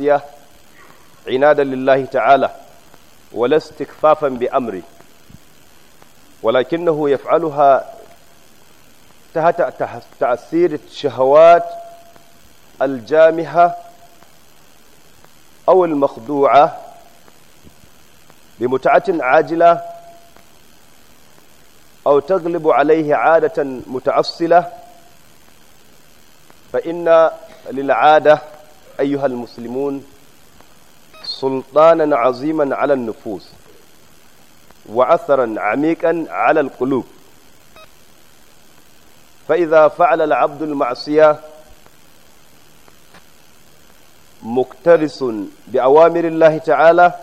المعصية عنادا لله تعالى ولا استكفافا بأمره ولكنه يفعلها تحت تأثير الشهوات الجامحة أو المخدوعة بمتعة عاجلة أو تغلب عليه عادة متأصلة فإن للعادة أيها المسلمون سلطانا عظيما على النفوس وأثرا عميقا على القلوب فإذا فعل العبد المعصية مكترس بأوامر الله تعالى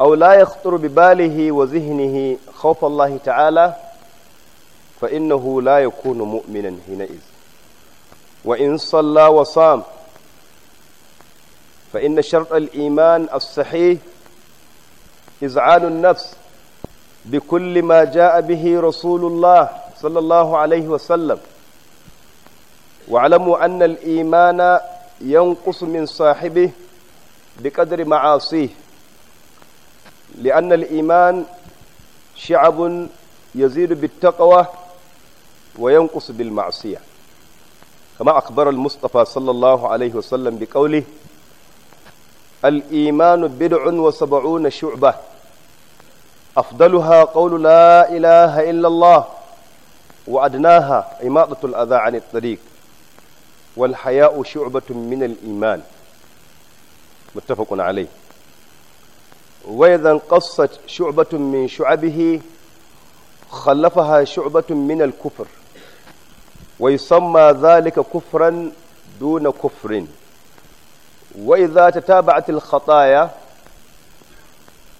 أو لا يخطر بباله وذهنه خوف الله تعالى فإنه لا يكون مؤمنا حينئذ وإن صلى وصام فإن شرط الإيمان الصحيح إزعال النفس بكل ما جاء به رسول الله صلى الله عليه وسلم واعلموا أن الإيمان ينقص من صاحبه بقدر معاصيه لأن الإيمان شعب يزيد بالتقوى وينقص بالمعصية كما أخبر المصطفى صلى الله عليه وسلم بقوله الإيمان بدع وسبعون شعبة أفضلها قول لا إله إلا الله وأدناها إماطة الأذى عن الطريق والحياء شعبة من الإيمان متفق عليه وإذا انقصت شعبة من شعبه خلفها شعبة من الكفر ويسمى ذلك كفرا دون كفر وإذا تتابعت الخطايا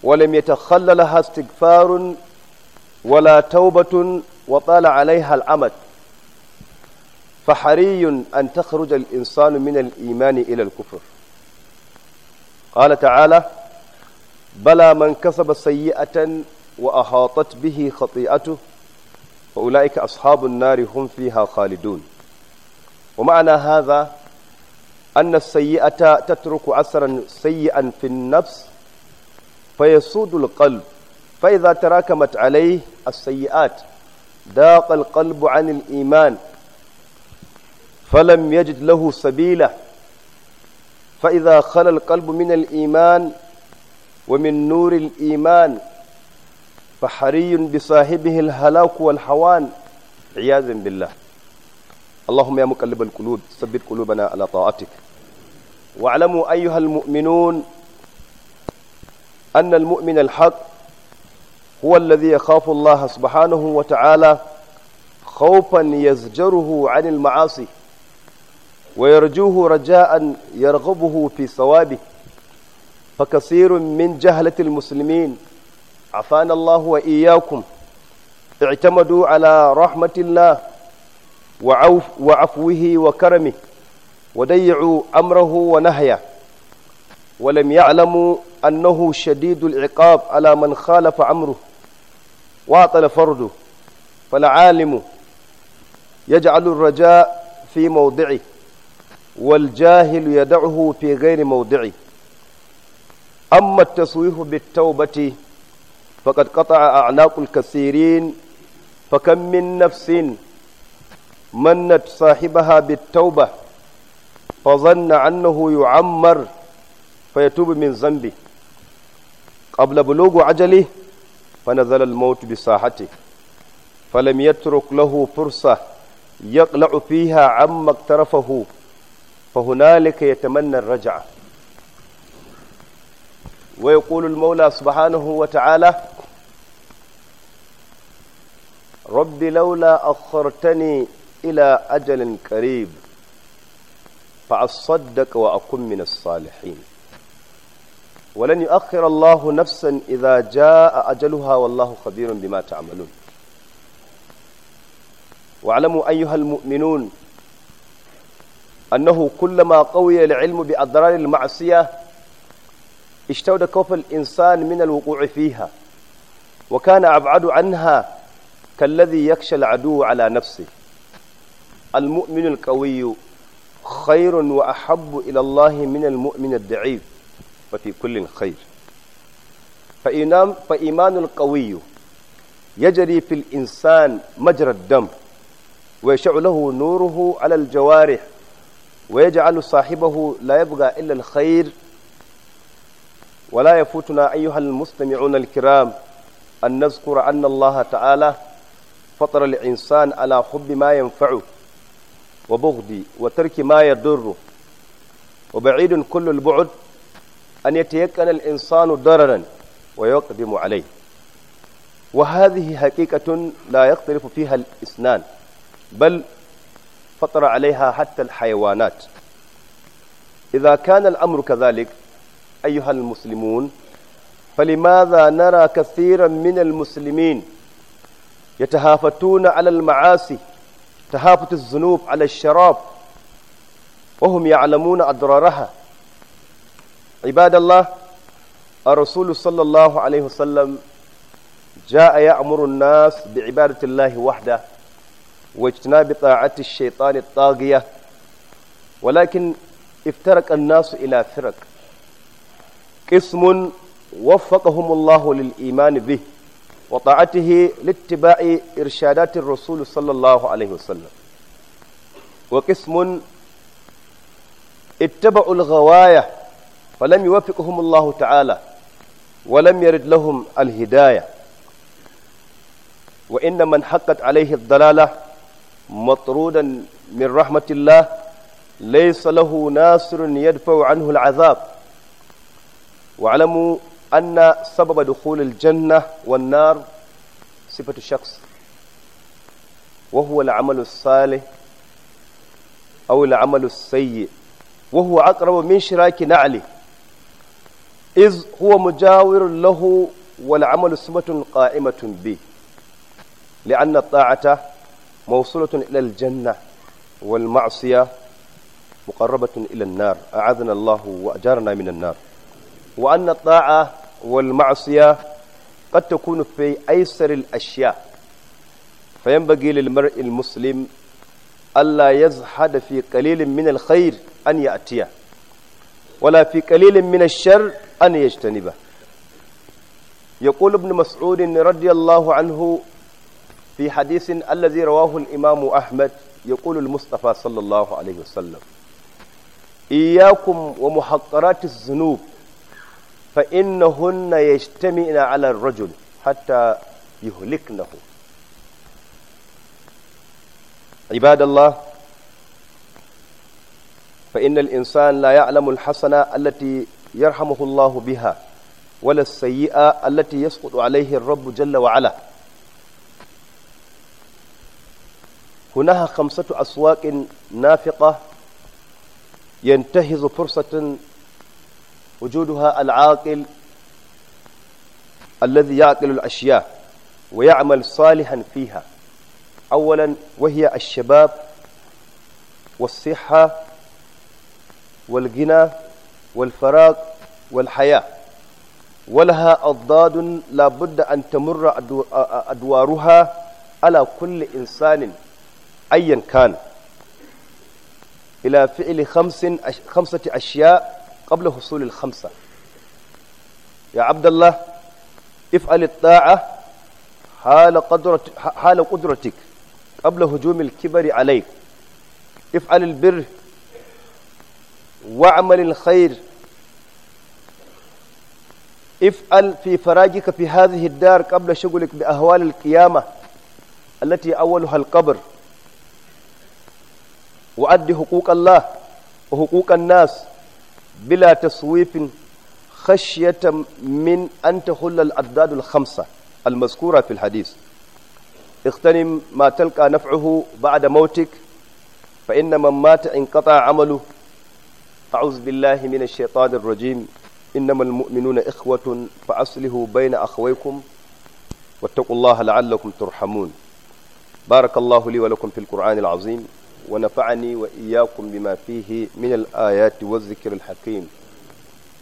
ولم يتخللها استغفار ولا توبة وطال عليها العمد فحري أن تخرج الإنسان من الإيمان إلى الكفر قال تعالى بلى من كسب سيئة وأحاطت به خطيئته fa ulaika ashabun nari hum fiha khalidun wa ma'ana hadha أن السيئة تترك أثرا سيئا في النفس فيسود القلب فإذا تراكمت عليه السيئات داق القلب عن الإيمان فلم يجد له سبيلا فإذا خلى القلب من الإيمان ومن نور الإيمان فحري بصاحبه الهلاك والحوان عياذا بالله اللهم يا مقلب القلوب ثبت قلوبنا على طاعتك واعلموا أيها المؤمنون أن المؤمن الحق هو الذي يخاف الله سبحانه وتعالى خوفا يزجره عن المعاصي ويرجوه رجاء يرغبه في صوابه فكثير من جهلة المسلمين عفانا الله وإياكم اعتمدوا على رحمة الله وعوف وعفوه وكرمه وضيعوا أمره ونهيه ولم يعلموا أنه شديد العقاب على من خالف أمره واطل فرده فالعالم يجعل الرجاء في موضعه والجاهل يدعه في غير موضعه أما التسويه بالتوبة فقد قطع أعناق الكثيرين فكم من نفس منت صاحبها بالتوبة فظن أنه يعمر فيتوب من ذنبه قبل بلوغ عجله فنزل الموت بساحته فلم يترك له فرصة يقلع فيها عما اقترفه فهنالك يتمنى الرجعه ويقول المولى سبحانه وتعالى رب لولا أخرتني إلى أجل قريب فأصدق وأكن من الصالحين ولن يؤخر الله نفسا إذا جاء أجلها والله خبير بما تعملون واعلموا أيها المؤمنون أنه كلما قوي العلم بأضرار المعصية اشتود كف الإنسان من الوقوع فيها وكان أبعد عنها كالذي يخشى العدو على نفسه المؤمن القوي خير وأحب إلى الله من المؤمن الضعيف وفي كل خير فإيمان القوي يجري في الإنسان مجرى الدم ويشع له نوره على الجوارح ويجعل صاحبه لا يبغى إلا الخير ولا يفوتنا أيها المستمعون الكرام أن نذكر أن الله تعالى فطر الإنسان على حب ما ينفعه وبغض وترك ما يضره وبعيد كل البعد أن يتيقن الإنسان ضررا ويقدم عليه وهذه حقيقة لا يختلف فيها الإسنان بل فطر عليها حتى الحيوانات إذا كان الأمر كذلك أيها المسلمون فلماذا نرى كثيرا من المسلمين يتهافتون على المعاصي تهافت الذنوب على الشراب وهم يعلمون أضرارها عباد الله الرسول صلى الله عليه وسلم جاء يأمر الناس بعبادة الله وحده واجتناب طاعة الشيطان الطاغية ولكن افترق الناس إلى فرق قسم وفقهم الله للإيمان به وطاعته لاتباع إرشادات الرسول صلى الله عليه وسلم وقسم اتبعوا الغواية فلم يوفقهم الله تعالى ولم يرد لهم الهداية وإن من حقت عليه الضلالة مطرودا من رحمة الله ليس له ناصر يدفع عنه العذاب واعلموا أن سبب دخول الجنة والنار صفة الشخص وهو العمل الصالح أو العمل السيء وهو أقرب من شراك نعله إذ هو مجاور له والعمل سمة قائمة به لأن الطاعة موصولة إلى الجنة والمعصية مقربة إلى النار أعاذنا الله وأجارنا من النار وأن الطاعة والمعصية قد تكون في أيسر الأشياء فينبغي للمرء المسلم ألا يزهد في قليل من الخير أن يأتيه ولا في قليل من الشر أن يجتنبه يقول ابن مسعود رضي الله عنه في حديث الذي رواه الإمام أحمد يقول المصطفى صلى الله عليه وسلم إياكم ومحقرات الذنوب fa innahunna yajtami'na 'ala rajul hatta yuhliknahu ibadallah fa innal insana la ya'lamu al-hasana allati yarhamuhu biha wala sayyia allati yasqutu 'alayhi rabbu rabb jalla wa 'ala هناها خمسة أسواق نافقة ينتهز فرصة وجودها العاقل الذي يعقل الأشياء ويعمل صالحا فيها أولا وهي الشباب والصحة والغنى والفراغ والحياة ولها أضداد لابد أن تمر أدوارها على كل إنسان أيا كان إلى فعل خمس خمسة أشياء قبل حصول الخمسة يا عبد الله افعل الطاعة حال, قدرت حال قدرتك قبل هجوم الكبر عليك افعل البر واعمل الخير افعل في فراجك في هذه الدار قبل شغلك بأهوال القيامة التي أولها القبر وأدي حقوق الله وحقوق الناس bila taswifin khashyatan min an tahulla al-addad al-khamsa al-mazkura fi al-hadith اغتنم ما تلقى نفعه بعد موتك فإن من مات انقطع عمله أعوذ بالله من الشيطان الرجيم إنما المؤمنون إخوة فأصله بين أخويكم واتقوا الله لعلكم ترحمون بارك الله لي ولكم في القرآن العظيم ونفعني وإياكم بما فيه من الآيات والذكر الحكيم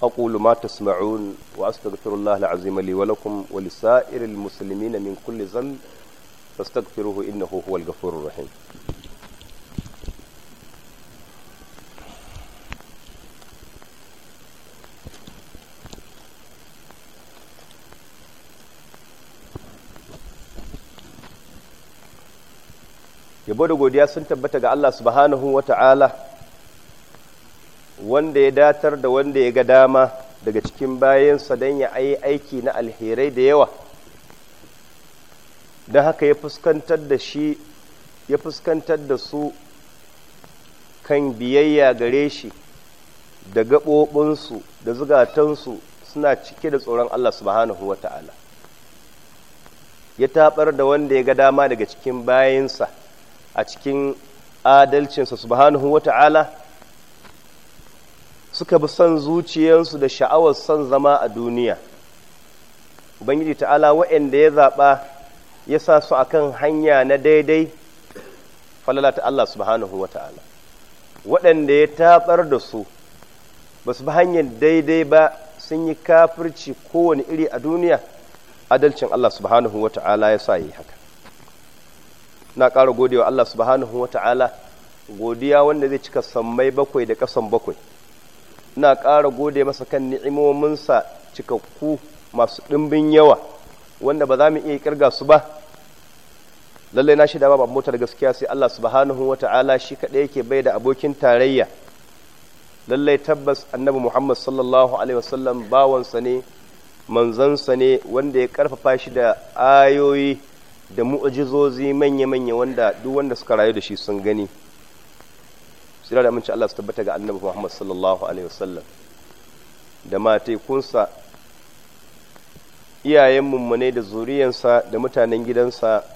أقول ما تسمعون وأستغفر الله العظيم لي ولكم ولسائر المسلمين من كل ذنب فاستغفروه إنه هو الغفور الرحيم yabo da godiya sun tabbata ga Allah subhanahu wa ta'ala wanda ya datar da wanda ya ga dama daga cikin bayansa don ya yi aiki na alherai da yawa don haka ya fuskantar da shi ya fuskantar da su kan biyayya gare shi da gaɓoɓinsu da zugatansu suna cike da tsoron Allah subhanahu wa ya taɓar da wanda ya ga dama daga cikin bayansa a cikin adalcinsa subhanahu wata'ala suka bi son zuciyarsu da sha'awar son zama a duniya ubangiji ta'ala waɗanda ya zaɓa ya sa su akan hanya na daidai falala ta Allah subhanahu wata'ala waɗanda ya taɓar da su ba su bi hanyar daidai ba sun yi kafirci kowane iri a duniya adalcin Allah subhanahu wata'ala ya sa yi haka na ƙara godewa Allah subhanahu wa ta'ala godiya wanda zai cika sammai bakwai da ƙasan bakwai na ƙara gode masa kan ni'imominsa cikakku masu ɗimbin yawa wanda ba za mu iya ƙirga su ba lallai na shi shida ba motar gaskiya sai Allah subhanahu wa ta'ala shi kaɗai yake bai da abokin tarayya lallai tabbas annabi Muhammad sallallahu alaihi wasallam bawansa ne manzansa ne wanda ya karfafa shi da ayoyi da mu'ajizozi manya-manya wanda duk wanda suka rayu da shi sun gani sira da aminci Allah su tabbata ga annabi Muhammad sallallahu alaihi wasallam da matekunsa iyayen mummune da zuriyansa da mutanen gidansa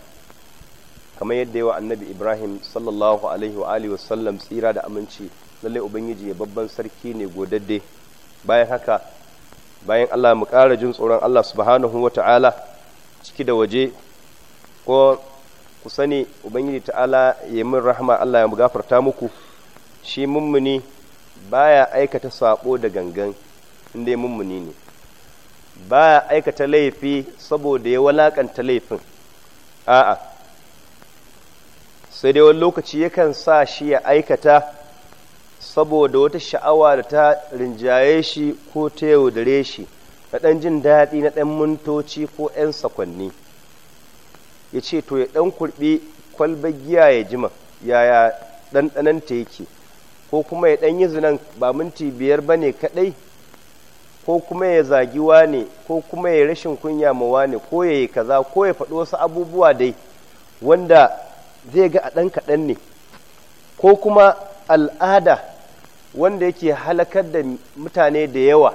kamar yadda yawa annabi Ibrahim sallallahu alaihi wa alihi wasallam tsira da aminci lalle ubangiji ya babban sarki ne godadde bayan haka bayan Allah mu ƙara jin tsoron Allah subhanahu wa ta'ala ciki da waje ko ku sani ubangiji ta'ala ya min rahama Allah ya gafarta muku shi mummuni baya aikata sabo da gangan inda mummuni ne baya aikata laifi saboda ya walakanta laifin a'a sai dai wani lokaci yakan sa shi ya aikata saboda wata sha'awa da ta rinjaye shi ko ta yaudare shi na ɗan jin daɗi na ɗan mintoci ko 'yan sakwanni ya ce to ya ɗan kurɓi kwalbar giya ya jima yaya ɗanɗananta yake ko kuma ya ɗan yi zinan ba minti biyar ba ne kaɗai ko kuma ya zagi wane ko kuma ya rashin kunya ma wane ko ya yi kaza ko ya faɗi wasu abubuwa dai wanda zai ga a ɗan kaɗan ne ko kuma al'ada wanda yake halakar da mutane da yawa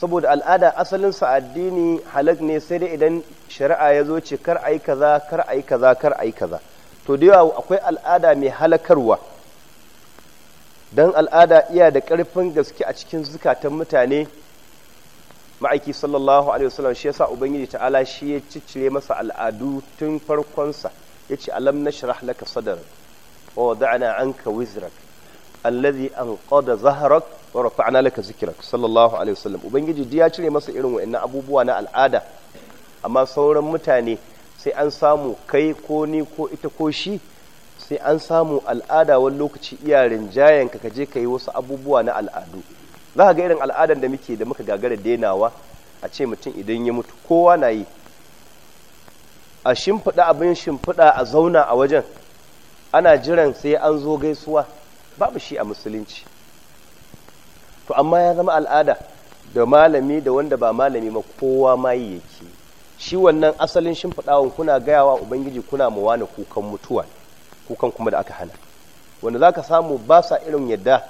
saboda al'ada asalin sa addini halak ne sai dai idan shari'a ya zo ce kar ai kaza kar ai kaza kar ai kaza to da yawa akwai al'ada mai halakarwa dan al'ada iya da karfin gaske a cikin zukatan mutane ma'aiki sallallahu alaihi wasallam shi yasa ubangiji ta'ala shi ya ciccire masa al'adu tun farkonsa yace alam nashrah laka sadrak wa wada'na anka wizrak alladhi anqada zahrak wa rafa'na laka zikrak sallallahu alaihi wasallam ubangiji ya cire masa irin wa'annan abubuwa na al'ada amma sauran mutane sai an samu kai ko ni ko ita ko shi sai an samu al'ada wani lokaci iya rinjayen ka kaje ka wasu abubuwa na al'adu za ka ga irin al'adan da muke da muka gagara denawa a ce mutum idan ya mutu kowa na yi a shimfiɗa abin shimfiɗa a zauna a wajen ana jiran sai an zo gaisuwa babu shi a musulunci to amma ya zama al'ada da malami da wanda ba malami ma kowa ma yi yake shi wannan asalin shimfiɗawan kuna gayawa ubangiji kuna mu wani kukan mutuwa kukan kuma da aka hana wanda za ka samu ba sa irin yadda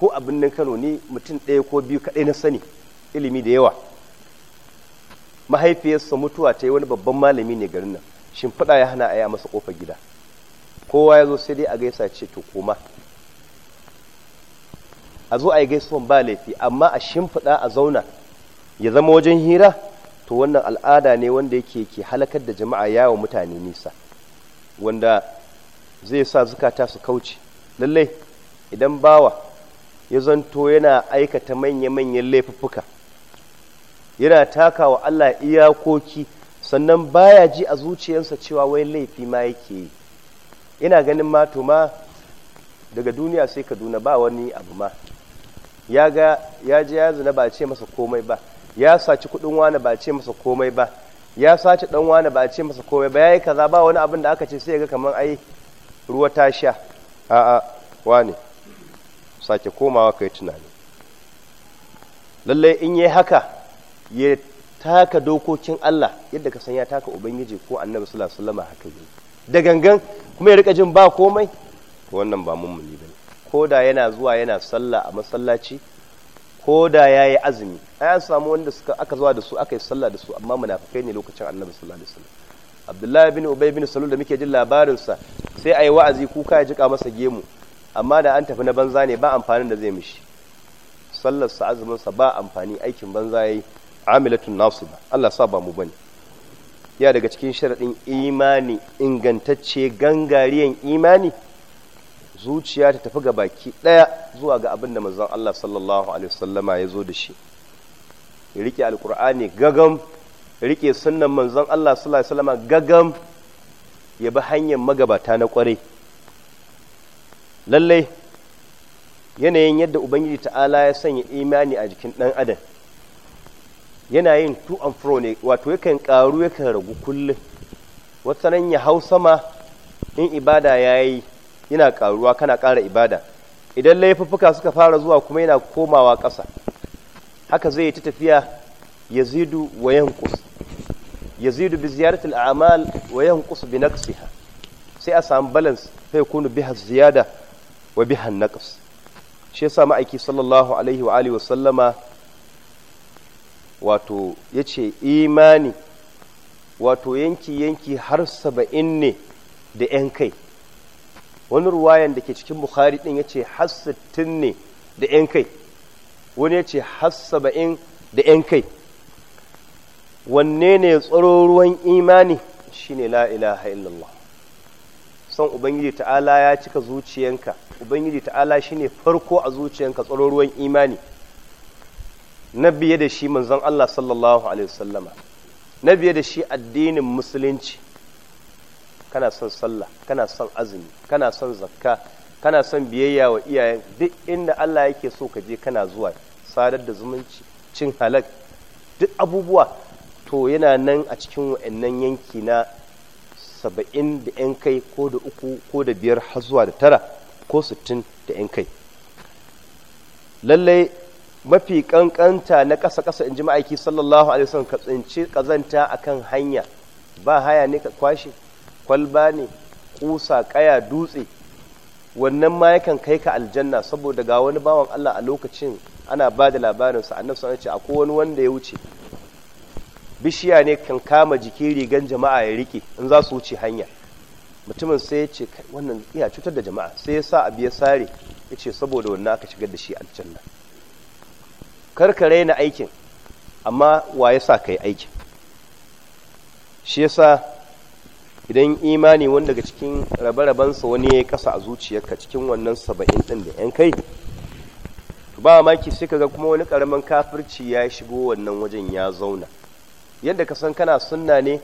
ko abin nan kano ne mutum ɗaya ko biyu kaɗai na sani ilimi da yawa mahaifiyarsa mutuwa ta yi wani babban malami ne garin nan shimfiɗa ya hana a yi a masa ƙofar gida kowa ya zo sai dai a gaisa ce to koma a zo a yi gaisuwan ba laifi amma a shimfiɗa a zauna ya zama wajen hira to wannan al'ada ne wanda yake ke halakar da jama'a yawo mutane nisa wanda zai sa zukata su kauce lallai idan bawa ya zanto yana aikata manya-manyan laifuffuka yana takawa Allah iyakoki sannan baya ji a zuciyarsa cewa wai laifi ma yake yi ina ganin ma daga duniya sai kaduna ba wani abu ma ya ga ya je ya zina ba ce masa komai ba ya saci kudin wani ba ce masa komai ba ya sace dan wani ba ce masa komai ba yayi kaza ba wani abin da aka ce sai ya ga kaman ai ruwa ta sha a'a wani sake komawa kai tunani lallai in yi haka ya taka dokokin Allah yadda ka san ya taka ubangiji ko annabi sallallahu alaihi wasallam haka yi da gangan kuma ya rika jin ba komai wannan ba mummuni ba. ko da yana zuwa yana sallah a masallaci ko da ya yi azumi an samu wanda suka aka zuwa da su aka yi sallah da su amma munafikai ne lokacin annabi sallallahu alaihi wasallam abdullahi bin ubay bin salul da muke jin labarinsa sai a yi wa'azi kuka ya jika masa gemu amma da an tafi na banza ne ba amfanin da zai mishi sallarsa azuminsa ba amfani aikin banza ya yi amilatun nasiba allah sa ba mu bane ya daga cikin sharaɗin imani ingantacce gangariyan imani zuciya ta tafi ga baki ɗaya zuwa ga abin da manzon Allah sallallahu alaihi wasallama ya zo da shi rike alkur'ani gagam rike sunnan manzon Allah sallallahu alaihi wasallama gagam ya bi hanyar magabata na kwarai lallai yanayin yadda ubangiji ta'ala ya sanya imani a jikin ɗan adam yana yin to and fro ne wato yakan ƙaru yakan ragu kullum wata nan ya hau sama in ibada ya yi yana karuwa kana kara ibada idan laifuffuka suka fara zuwa kuma yana komawa ƙasa haka zai ta tafiya yazidu wa yanqus yazidu bi ziyarati amal wa yanqus bi naqsiha sai a samu balance fa yakunu biha ziyada wa biha naqs shi yasa ma'aiki sallallahu alaihi wa alihi wa sallama wato yace imani wato yanki yanki har saba'in ne da 'yan kai wani ruwayan da ke cikin bukhari din ya ce hassattin ne da yan kai wani ya ce hassaba'in da yan kai wanne ne tsaro ruwan imani shine la ilaha illallah son ubangiji ta'ala ya cika zuciyanka ubangiji ta'ala shine farko a zuciyanka tsaro ruwan imani na biye da shi manzon Allah sallallahu alaihi wasallama na biye da shi addinin musulunci kana son sallah kana son azumi kana son zakka kana son biyayya wa iyayen duk inda Allah yake so ka je kana zuwa sadar da zumunci cin halak duk abubuwa to yana nan a cikin wa'annan yanki na saba'in da 'yan kai ko da uku ko da biyar har zuwa da tara ko sittin da 'yan kai lallai mafi kankanta na ƙasa-ƙasa in ji ma'aiki sallallahu alaihi wasallam ka tsinci ƙazanta akan hanya ba haya ne ka kwashe kwalba ne kusa kaya dutse wannan ma yakan kai ka aljanna saboda ga wani bawan Allah a lokacin ana ba da labarinsa annabi sun ce akwai wani wanda ya wuce bishiya ne kan kama jiki rigan jama'a ya rike in za su wuce hanya mutumin sai ya ce wannan iya cutar da jama'a sai ya sa abu ya sare ya ce saboda wannan aka shigar da shi aljanna Kar ka raina aikin amma wa ya sa ka yi aikin shi yasa idan imani wani daga cikin rabe-rabensa wani ya yi kasa a zuciyarka cikin wannan saba'in ɗin da yan kai ba maki sai kaga kuma wani ƙaramin kafirci ya shigo wannan wajen ya zauna yadda ka san kana sunna ne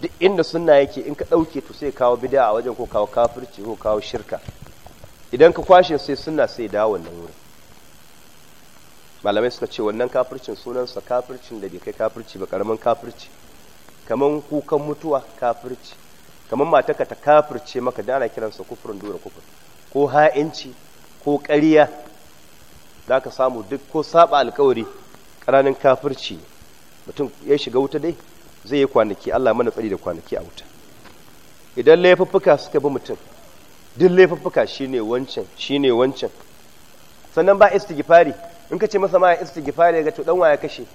duk inda sunna yake in ka ɗauke to sai kawo bida a wajen ko kawo kafirci ko kawo shirka idan ka kwashe sai sunna sai dawo wannan wuri. malamai suka ce wannan kafircin sunansa kafircin da bai kai kafirci ba ƙaramin kafirci kaman kukan mutuwa kafirci kamar ka ta kafirce maka da ana kiransa kufurin dura kufur ko ha'inci ko ƙariya za ka samu duk ko saba alkawari ƙaranin kafirci mutum ya shiga wuta dai zai yi kwanaki Allah mana tsari da kwanaki a wuta idan laifuffuka suka bi mutum duk laifuffuka shine wancan shine wancan sannan ba istigifari in ka ce masa ma istigifari ga to dan waya kashe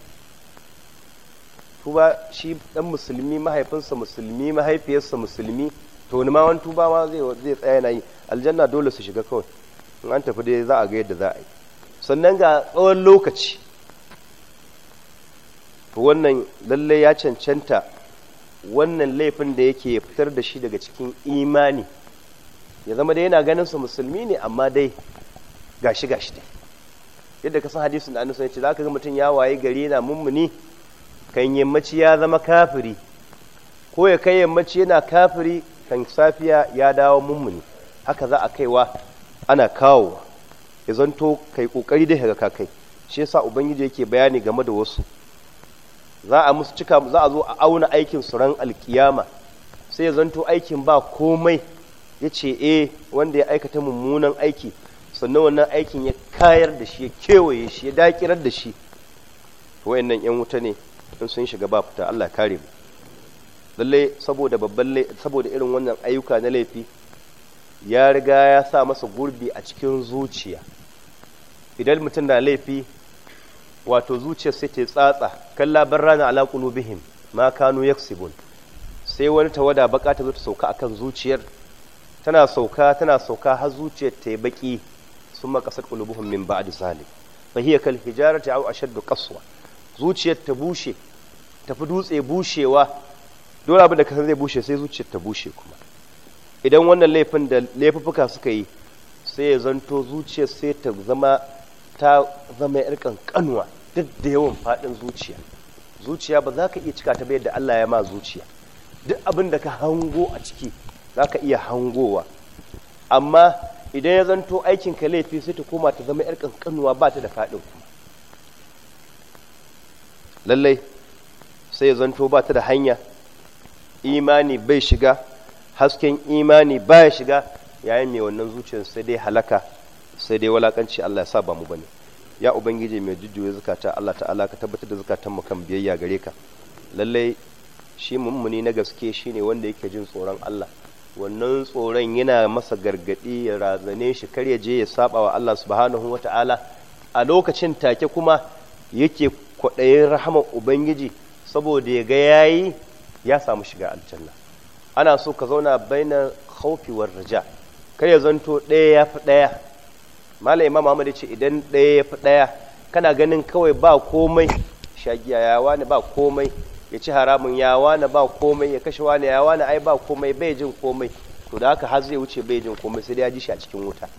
tuba shi dan musulmi mahaifinsa musulmi mahaifiyarsa musulmi to ni ma wani tuba ma zai zai tsaya yi aljanna dole su shiga kawai in an tafi dai za a ga yadda za a yi sannan ga tsawon lokaci to wannan lalle ya cancanta wannan laifin da yake fitar da shi daga cikin imani ya zama dai yana ganin sa musulmi ne amma dai gashi gashi dai yadda ka san hadisin da annabi ya ce zaka ga mutum ya waye gari yana mummuni kan yammaci ya zama kafiri ko ya kai yammaci yana kafiri kan safiya ya dawo mummuni haka za a kaiwa ana kawowa ya zanto kai kokari da haka kakai shi yasa ubangiji yake bayani game da wasu za a musu cika za a zo a auna aikin su ran alkiyama sai ya zanto aikin ba komai ya ce eh wanda ya aikata mummunan aiki sannan wannan aikin ya kayar da shi ya kewaye shi ya dakirar da shi wayannan yan wuta ne in sun shiga ba fita Allah kare mu lalle saboda babban saboda irin wannan ayyuka na laifi ya riga ya sa masa gurbi a cikin zuciya idan mutum na laifi wato zuciyar sai yi tsatsa kalla rana ala qulubihim ma kanu yaksibun sai wani tawada baka ta zo ta sauka akan zuciyar tana sauka tana sauka har zuciyar ta yi baki summa qasat qulubuhum min ba'di zalim fa hiya kal hijarati aw ashaddu qaswa zuciyar ta bushe tafi dutse bushewa dole abin da kasar zai bushe sai zuciyar ta bushe kuma idan wannan laifin da laifuka suka yi sai ya zanto zuciyar sai ta zama ta zama yar kankanuwa duk da yawan faɗin zuciya zuciya ba za ka iya cika ta bai da Allah ya ma zuciya duk abin da ka hango a ciki za ka iya hangowa amma idan ya zanto aikin ka laifi sai ta koma ta zama yar kankanuwa ba ta da faɗin kuma lallai sai ya zanto ba ta da hanya imani bai shiga hasken imani ba ya shiga yayin mai wannan zuciyar sai dai halaka sai dai walakanci Allah ya sa ba mu bane ya ubangiji mai jujjuya zakata Allah ta'ala ka tabbatar da zakatan mu kan biyayya gare ka lallai shi mummuni na gaske shine wanda yake jin tsoron Allah wannan tsoron yana masa gargadi ya razane shi kar ya je ya saba wa Allah subhanahu wata'ala a lokacin take kuma yake kwaɗayin rahama ubangiji saboda ya ga yayi ya samu shiga aljanna ana so ka zauna baina khawfi war raja kar ya zanto ɗaya ya fi ɗaya malam imam Ahmad ce idan ɗaya ya fi ɗaya kana ganin kawai ba komai shagiya ya wani ba komai ya ci haramun ya wani ba komai ya kashe wani ya wani ai ba komai bai jin komai to da haka har zai wuce bai jin komai sai ya ji shi a cikin wuta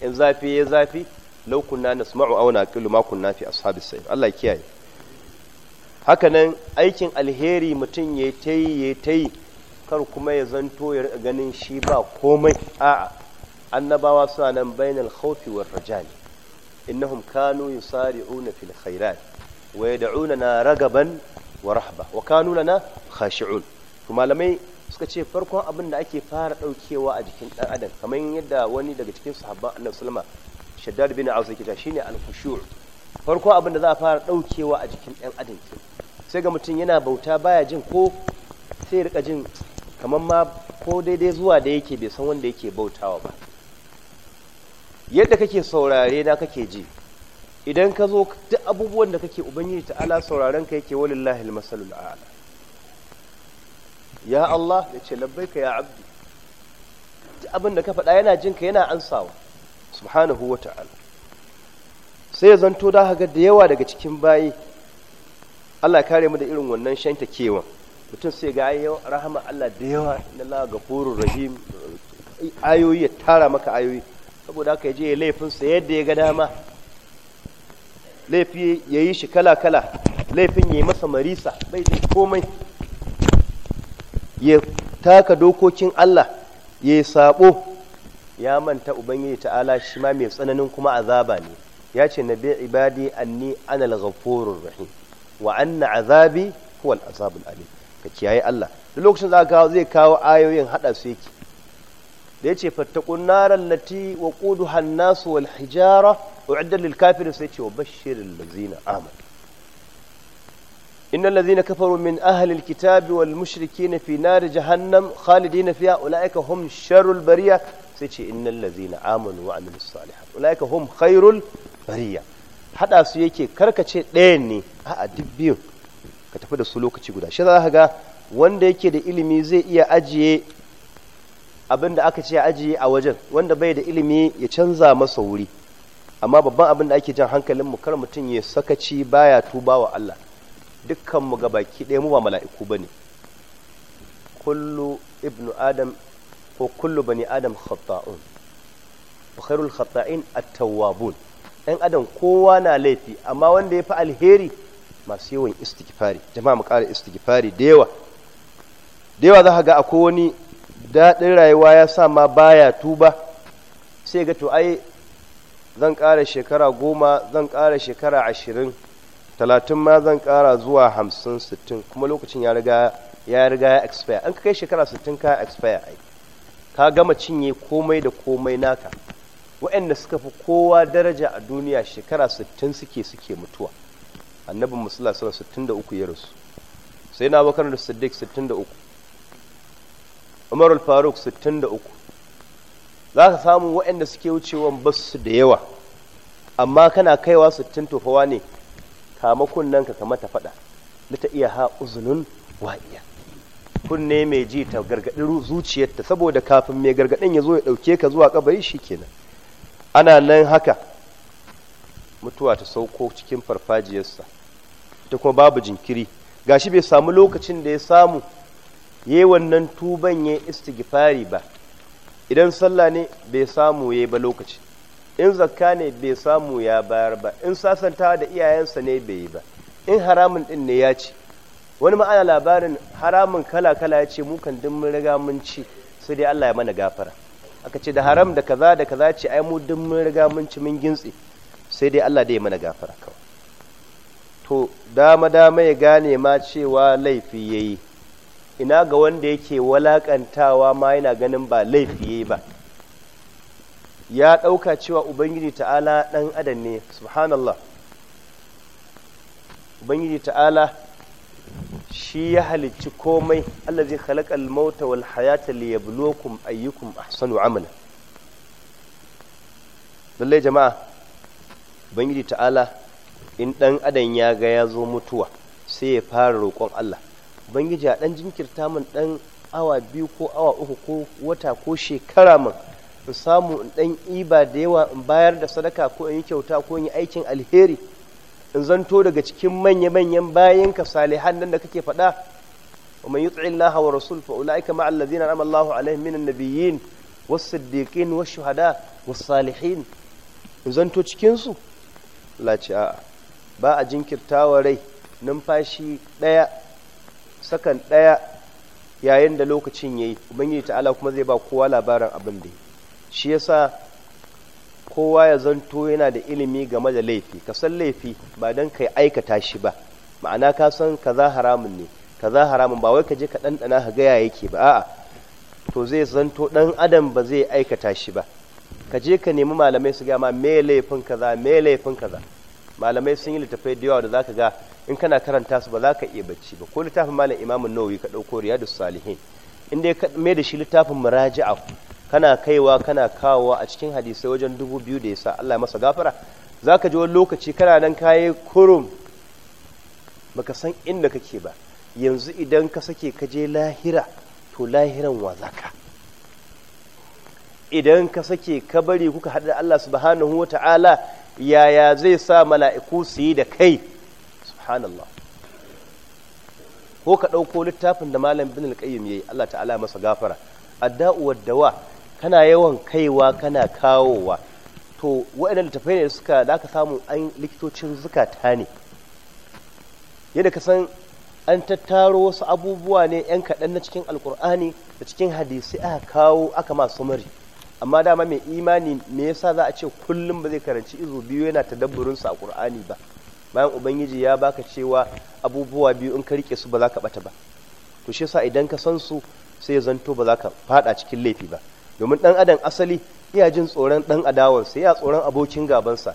in zafi ya zafi lau kunna nasma'u aw naqilu ma kunna fi ashabis sayf Allah kiyaye hakanan aikin alheri mutum ya ta yi ya ta yi kar kuma ya zanto ya ganin shi ba komai a'a annabawa suna nan bainal alhaufi wa rajali innahum kanu una fil khairat wa na ragaban wa rahba wa kanu lana khashi'un to malamai suka ce farkon abin da ake fara daukewa a jikin dan adam kamar yadda wani daga cikin sahabban annabi sallama shaddad bin aus ta shine al-khushu' farko abin da za a fara ɗaukewa a jikin ɗan adam ke sai ga mutum yana bauta baya jin ko sai rika jin kamar ma ko daidai zuwa da yake bai san wanda yake bautawa ba yadda kake saurare na kake ji idan ka zo duk abubuwan da kake ubangiji ta'ala sauraren ka yake walillahi almasalul a'la ya Allah ya ce labbaika ya abdi duk abin da ka faɗa yana jinka yana ansawa subhanahu wa ta'ala sai ya zanto da ga da yawa daga cikin bayi Allah kare mu da irin wannan shanta kewan mutum sai ga ayyau rahama Allah da yawa inna Allah gafurur rahim ayoyi ya tara maka ayoyi saboda haka je laifin sa yadda ya ga dama laifi ya yi shi kala kala laifin yayi masa marisa bai da komai ya taka dokokin Allah ya sabo ya manta ubangiji ta'ala shi ma mai tsananin kuma azaba ne Yace na bi ibadi anni anal ghafurur rahim wa anna azabi huwa al azabul alim Allah duk lokacin za ka zai kawo ayoyin hada su yake da yace fattaqun naral lati wa quduha an nas wal hijara u'iddat lil sai ce wa bashiril ladzina amanu innal ladzina kafaru min ahli kitabi wal mushrikin fi nar jahannam khalidina fiha ulaika hum sharrul bariya sai ce innal ladzina amanu wa amilus salihat ulaika hum khairul bariya haɗa su yake karkace ɗayan ne a duk biyu ka tafi da su lokaci guda shi za ga wanda yake da ilimi zai iya ajiye abin da aka ce ajiye a wajen wanda bai da ilimi ya canza masa wuri amma babban abin da ake jan hankalin mu kar mutum ya sakaci baya tuba wa Allah dukkan mu ga baki ɗaya mu ba mala'iku bane kullu ibnu adam ko kullu bani adam khata'un wa khairul khata'in at-tawwabun 'yan adam kowa na laifi amma wanda ya fi alheri masu yawan istighfari jama'a makarar ƙara da yawa da yawa za ka ga akwai wani daɗin rayuwa ya sa ma baya tuba sai ga to ai zan ƙara shekara goma zan ƙara shekara ashirin talatin ma zan ƙara zuwa hamsin sittin kuma lokacin ya riga ya riga ya expire an kai shekara sittin ka expire ai ka gama cinye komai da komai naka waɗanda suka fi kowa daraja a duniya shekara 60 suke suke mutuwa annabin musulla sura 63 ya rasu sai na bakar da siddiq 63 umar faruk 63 za ka samu waɗanda suke wucewa su da yawa amma kana kaiwa 60 tofawa ne kama kunnen ka kama ta faɗa ta iya ha uzunin wa'iya kunne mai ji ta gargaɗi zuciyarta saboda kafin mai gargaɗin ya zo ya ɗauke ka zuwa kabari shi kenan ana nan haka mutuwa ta sauko cikin farfajiyarsa ta kuma babu jinkiri gashi bai samu lokacin da ya samu yi wannan tuban ya istighfari ba idan sallah ne bai samu ya ba lokaci in zakka ne bai samu ya bayar ba in sasanta da iyayensa ne bai yi ba in haramun din ne ya ci wani ma'ana labarin haramun kala-kala ya ce mukan din mun riga mun ci sai dai Allah ya mana gafara aka ce da haram da kaza da kaza ce ai mu duk mun riga mun ci mun gintse sai dai Allah dai mana gafara kawai to dama dama ya gane ma cewa laifi yayi ina ga wanda yake walakantawa ma yana ganin ba laifi yayi ba ya ɗauka cewa ubangiji ta'ala ɗan adam ne subhanallah ubangiji ta'ala shi ya halicci komai allazi khalaqal mauta wal hayata liyabluwakum ayyukum ahsanu amala lallai jama'a bangiji ta'ala in dan adam ya ga ya zo mutuwa sai ya fara roƙon Allah bangiji a dan jinkirta min dan awa biyu ko awa uku ko wata ko shekara min in samu in dan iba da yawa in bayar da sadaka ko in yi kyauta ko in yi aikin alheri zanto daga cikin manya-manyan bayanka salihan nan da kake faɗa wa man yut'i Allah wa rasul fa ulaika ma allazina an'ama Allahu alaihim minan nabiyyin was-siddiqin was shuhada was-salihin zanto cikin su la a'a ba a jinkirtawa rai numfashi ɗaya sakan ɗaya yayin da lokacin yayi ubangiji ta'ala kuma zai ba kowa labarin abin da shi yasa kowa ya zanto yana da ilimi game da laifi ka san laifi ba don ka aikata shi ba ma'ana ka san kaza haramun ne kaza haramun ba wai ka je ka ɗanɗana ka gaya yake ba a'a to zai zanto ɗan adam ba zai aikata shi ba ka je ka nemi malamai su gama me laifin kaza me laifin kaza malamai sun yi littafai da yawa da zaka ga in kana karanta su ba za ka iya bacci ba ko littafin malam imamun nawawi ka ɗauko riyadus salihin in dai ka mai da shi littafin muraji'a kana kaiwa kana kawowa a cikin hadisai wajen dubu biyu da yasa Allah masa gafara za ka ji wani lokaci kana nan kayi kurum baka san inda kake ba yanzu idan ka sake ka je lahira to lahiran wa ka idan ka sake ka bari kuka haɗu Allah Allah subhanahu wa ta'ala yaya zai sa mala'iku su yi da kai subhanallah ko ka ɗauko littafin da malam bin alƙayyim ya yi Allah ta'ala masa gafara adda'u dawa kana yawan kaiwa kana kawowa to waɗannan tafai ne suka da ka samu an likitocin zukata ne yadda ka san an tattaro wasu abubuwa ne 'yan kaɗan na cikin alkur'ani da cikin hadisi aka kawo aka masu mari amma dama mai imani me yasa za a ce kullum ba zai karanci izo biyu yana su a ƙur'ani ba bayan ubangiji ya baka cewa abubuwa biyu in ka rike su ba za ka bata ba to shi yasa idan ka san su sai ya zanto ba za ka faɗa cikin laifi ba domin ɗan adam asali iya jin tsoron ɗan adawansa ya tsoron abokin gabansa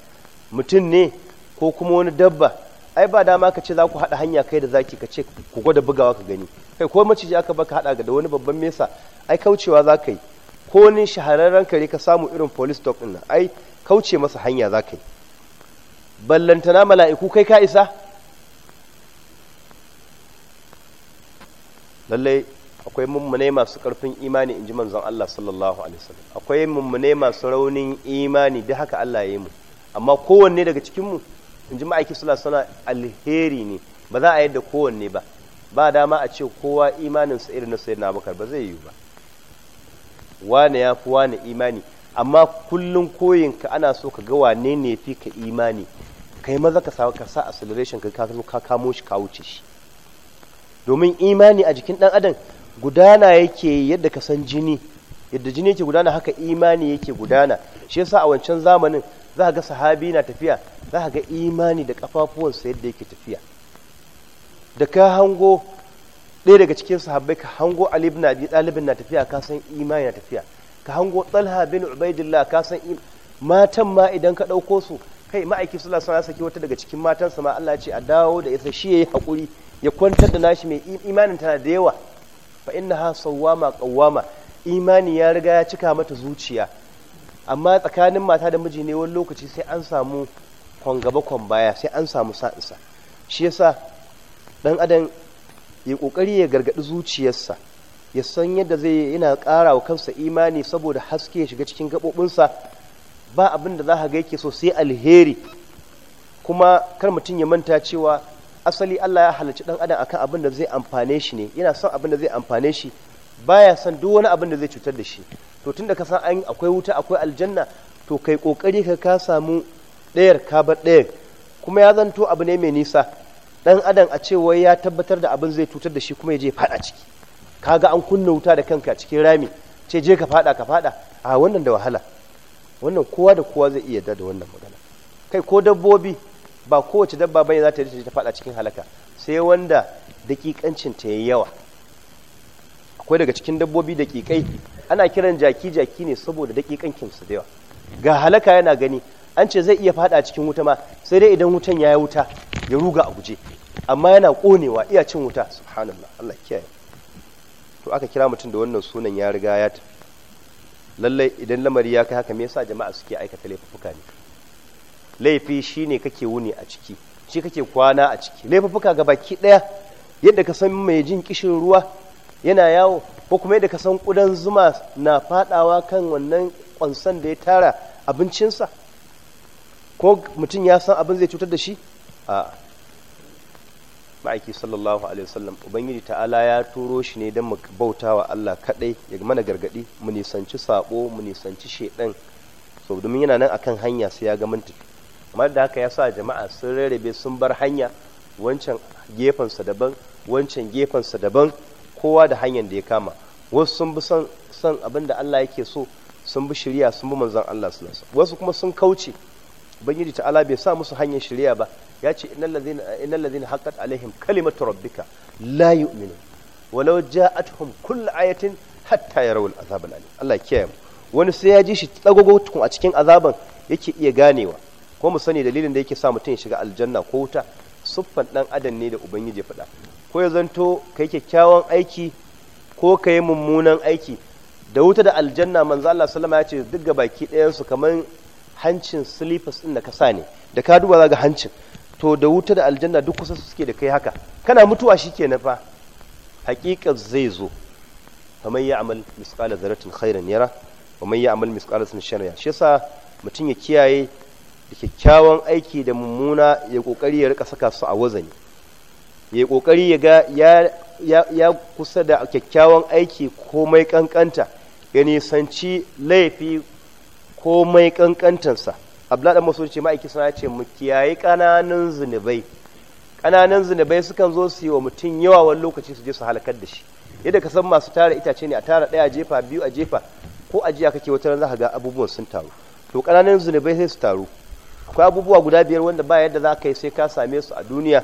mutum ne ko kuma wani dabba ai ba dama ka ce za ku haɗa hanya kai da zaki ka ce ku gwada bugawa ka gani kai ko maciji aka baka haɗa ga da wani babban mesa ai kaucewa za ka yi ko wani shahararren kare ka samu irin police talk ɗin nan ai kauce masa hanya za ka yi ballantana mala'iku kai ka isa lallai akwai mummune masu karfin imani in ji manzon Allah sallallahu alaihi wasallam akwai mummune masu raunin imani da haka Allah ya yi mu amma kowanne daga cikin mu in ji ma'aiki sallallahu alaihi alheri ne ba za a yadda kowanne ba ba dama a ce kowa imanin sa irin na sayyidina Abubakar ba zai yi ba wane ya fi wane imani amma kullum koyin ka ana so ka ga wane ne fi ka imani kai maza ka sa ka sa acceleration ka ka kamo shi ka wuce shi domin imani a jikin dan adam gudana yake yadda ka san jini yadda jini yake gudana haka imani yake gudana shi yasa a wancan zamanin za ga sahabi na tafiya za ga imani da kafafuwansa yadda yake tafiya da ka hango ɗaya daga cikin sahabbai ka hango Ali na tafiya ka san imani na tafiya ka hango Talha bin Ubaidillah ka san matan ma idan ka ɗauko su kai ma'aiki sallallahu alaihi saki wata daga cikin matansa ma Allah ce a dawo da ita shi ya yi haƙuri ya kwantar da nashi mai imanin tana da yawa fa innaha sawwama qawwama imani ya riga ya cika mata zuciya amma tsakanin mata da miji ne wani lokaci sai an samu kwan gaba baya sai an samu sa'insa shi yasa dan adam ya kokari ya gargadi zuciyarsa ya san yadda zai yana ƙara wa kansa imani saboda haske ya shiga cikin gaɓoɓinsa ba abin da za ka ga yake so sai alheri kuma kar mutum ya manta cewa asali Allah ya halarci dan adam akan abin da zai amfane shi ne yana son abin da zai amfane shi baya son duk wani abin da zai cutar da shi to tunda ka san an akwai wuta akwai aljanna to kai kokari ka ka samu ɗayar ka bar ɗayar kuma ya zanto abu ne mai nisa dan adam a ce wai ya tabbatar da abin zai cutar da shi kuma ya je fada ciki kaga an kunna wuta da kanka cikin rami ce je ka fada ka fada a wannan da wahala wannan kowa da kowa zai iya da wannan magana kai ko dabbobi ba kowace dabba bane za ta yi ta fada cikin halaka sai wanda dakikancin ta yayi yawa akwai daga cikin dabbobi dakikai ana kiran jaki jaki ne saboda dakikancin su da yawa ga halaka yana gani an ce zai iya fada cikin wuta ma sai dai idan wutan ya yi wuta ya ruga a guje amma yana konewa iya cin wuta subhanallah Allah kiyaye to aka kira mutum da wannan sunan ya riga ya lallai idan lamari ya kai haka me yasa jama'a suke aikata laifuka ne laifi shine kake wuni a ciki shi kake kwana a ciki laifuka ga baki ɗaya yadda ka san mai jin kishin ruwa yana yawo ko kuma yadda ka san kudan zuma na fadawa kan wannan kwansan da ya tara abincinsa ko mutum ya san abin zai cutar da shi a ma'aiki sallallahu alaihi wasallam ubangiji ta'ala ya turo shi ne don mu wa Allah kadai ya mana gargadi mu nisanci sabo mu nisanci shedan so domin yana nan akan hanya sai ya ga mun tafi kamar da haka ya sa jama'a sun rarrabe sun bar hanya wancan gefensa daban wancan gefensa daban kowa da hanyar da ya kama wasu sun bi son abin da Allah yake so sun bi shirya sun bi manzon Allah sallallahu alaihi wasu kuma sun kauce ubangiji Allah bai sa musu hanyar shirya ba ya ce innal ladhina innal ladhina haqqat alaihim kalimatu rabbika la yu'minu walau ja'atuhum kull ayatin hatta al-azab al alim Allah ya kiyaye mu wani sai ya ji shi tsagogo a cikin azaban yake iya ganewa ko mu sani dalilin da yake sa mutum ya shiga aljanna ko wuta siffan dan adam ne da ubangiji ya faɗa ko ya zanto kai kyakkyawan aiki ko kai mummunan aiki da wuta da aljanna manzo Allah sallama ya ce duk ga baki ɗayan su kaman hancin slippers din da ka sa ne da ka duba zaga hancin to da wuta da aljanna duk kusa su suke da kai haka kana mutuwa shikenan fa haƙiƙar zai zo kamar ya amal misqala zaratin khairan yara wa ya amal misqala zaratin shari'a shi yasa mutum ya kiyaye Da kyakkyawan aiki da mummuna ya kokari ya rika saka su a wazani ya kokari ya ga ya kusa da kyakkyawan aiki komai kankanta ya nisanci laifi komai kankantansa abdullahi dan masoci ma'aiki suna ce mu kiyaye kananan zunubai kananan zunubai sukan zo su yi wa mutum yawa lokaci su je su halakar da shi yadda ka san masu tara itace ne a tara daya a jefa biyu a jefa ko ajiya kake wata ran za ka ga abubuwan sun taru to kananan zunubai sai su taru akwai abubuwa guda biyar wanda ba yadda za ka yi sai ka same su a duniya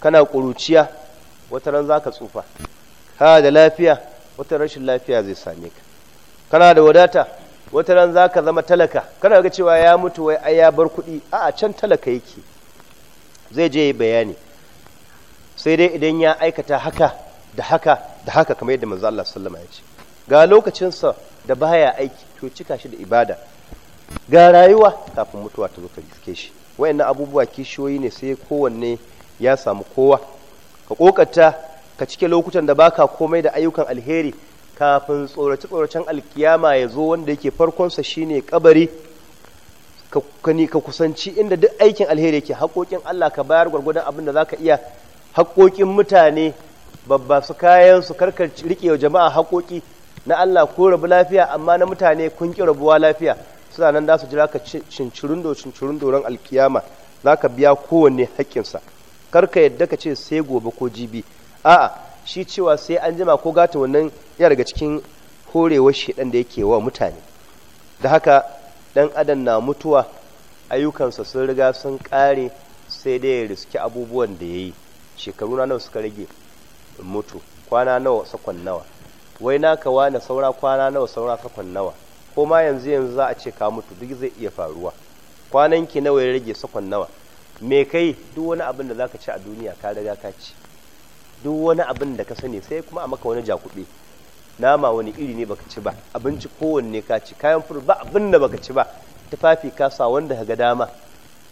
kana ƙuruciya wata ran za ka tsufa kana da lafiya wata rashin lafiya zai same ka kana da wadata wata ran za ka zama talaka kana ga cewa ya mutu wai ai ya bar kuɗi a a can talaka yake zai je bayani sai dai idan ya aikata haka da haka da haka kamar yadda manzo Allah sallama ya ce ga lokacinsa da baya aiki to cika shi da ibada ga rayuwa kafin mutuwa ta zo ka giske shi wayannan abubuwa kishiyoyi ne sai kowanne ya samu kowa ka kokata ka cike lokutan da baka komai da ayyukan alheri kafin tsorace tsoracen alkiyama ya zo wanda yake farkonsa shine kabari ka kusanci inda duk aikin alheri yake haƙoƙin Allah ka bayar gwargwadon abin da zaka iya haƙoƙin mutane babba su kayan su karkar riƙe jama'a haƙoƙi na Allah ko rabu lafiya amma na mutane kun ƙi rabuwa lafiya suna nan da su jira ka da cincirin ran alkiyama za ka biya kowanne haƙƙinsa kar ka yadda ka ce sai gobe ko jibi a'a shi cewa sai an jima ko gata wannan ya daga cikin horewar shedan da yake wa mutane da haka dan adam na mutuwa ayyukansa sun riga sun ƙare sai dai ya riski abubuwan da ya yi shekaru na nawa suka rage mutu kwana nawa sakon nawa wai naka wane saura kwana nawa saura sakon nawa ko ma yanzu yanzu za a ce ka mutu duk zai iya faruwa kwanan nawa ya rage sakon nawa me kai duk wani abin da zaka ci a duniya ka riga ka ci duk wani abin da ka sani sai kuma a maka wani jakube nama wani iri ne baka ci ba abinci kowanne ka ci kayan furu ba abin da baka ci ba tufafi ka sa wanda ka ga dama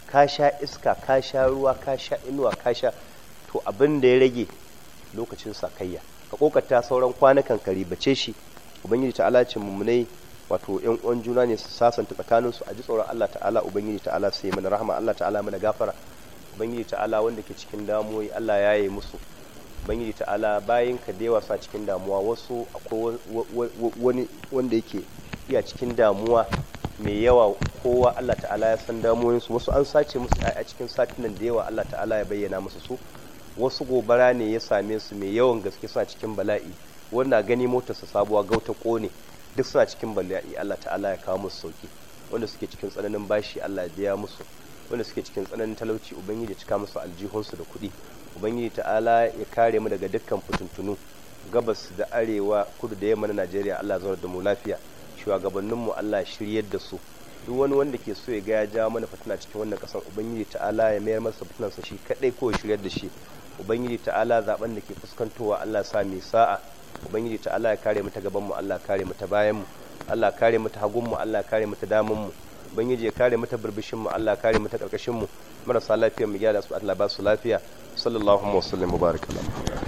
ka sha iska ka sha ruwa ka sha inuwa ka sha to abin da ya rage lokacin sakayya ka kokata sauran kwanakan ka ribace shi ubangiji ta alacin mummunai wato yan uwan juna ne su sasanta tsakanin su a ji tsoron Allah ta'ala ubangiji ta'ala sai mana rahama Allah ta'ala mana gafara ubangiji ta'ala wanda ke cikin damuwoyi Allah ya yi musu ubangiji ta'ala bayan ka dewa sa cikin damuwa wasu akwai wani wanda yake iya cikin damuwa mai yawa kowa Allah ta'ala ya san damuwoyinsu wasu an sace musu a cikin satinan da yawa Allah ta'ala ya bayyana musu su wasu gobara ne ya same su mai yawan gaske sa cikin bala'i wanda gani motarsa sabuwa gauta kone duk suna cikin bala'i Allah ta'ala ya kawo musu sauki wanda suke cikin tsananin bashi Allah ya biya musu wanda suke cikin tsananin talauci ubangiji cika musu su da kuɗi ubangiji ta'ala ya kare mu daga dukkan fitintunu gabas da arewa kudu da yamma na Najeriya Allah zaunar da mu lafiya mu Allah shiryar da su duk wani wanda ke so ya ga ya jawo mana fitina cikin wannan kasan ubangiji ta'ala ya mayar masa fitinansa shi kadai ko ya shiryar da shi ubangiji ta'ala zaben da ke fuskantowa Allah sa mai sa'a ubangiji ta Allah ya kare mu ta gaban mu Allah kare mu ta bayan mu Allah kare mu ta hagun mu Allah kare mu ta damun mu ubangiji ya kare mu ta burbushin mu Allah kare mu ta karkashin mu marasa lafiya mu gyara su Allah ba su lafiya sallallahu alaihi wa sallam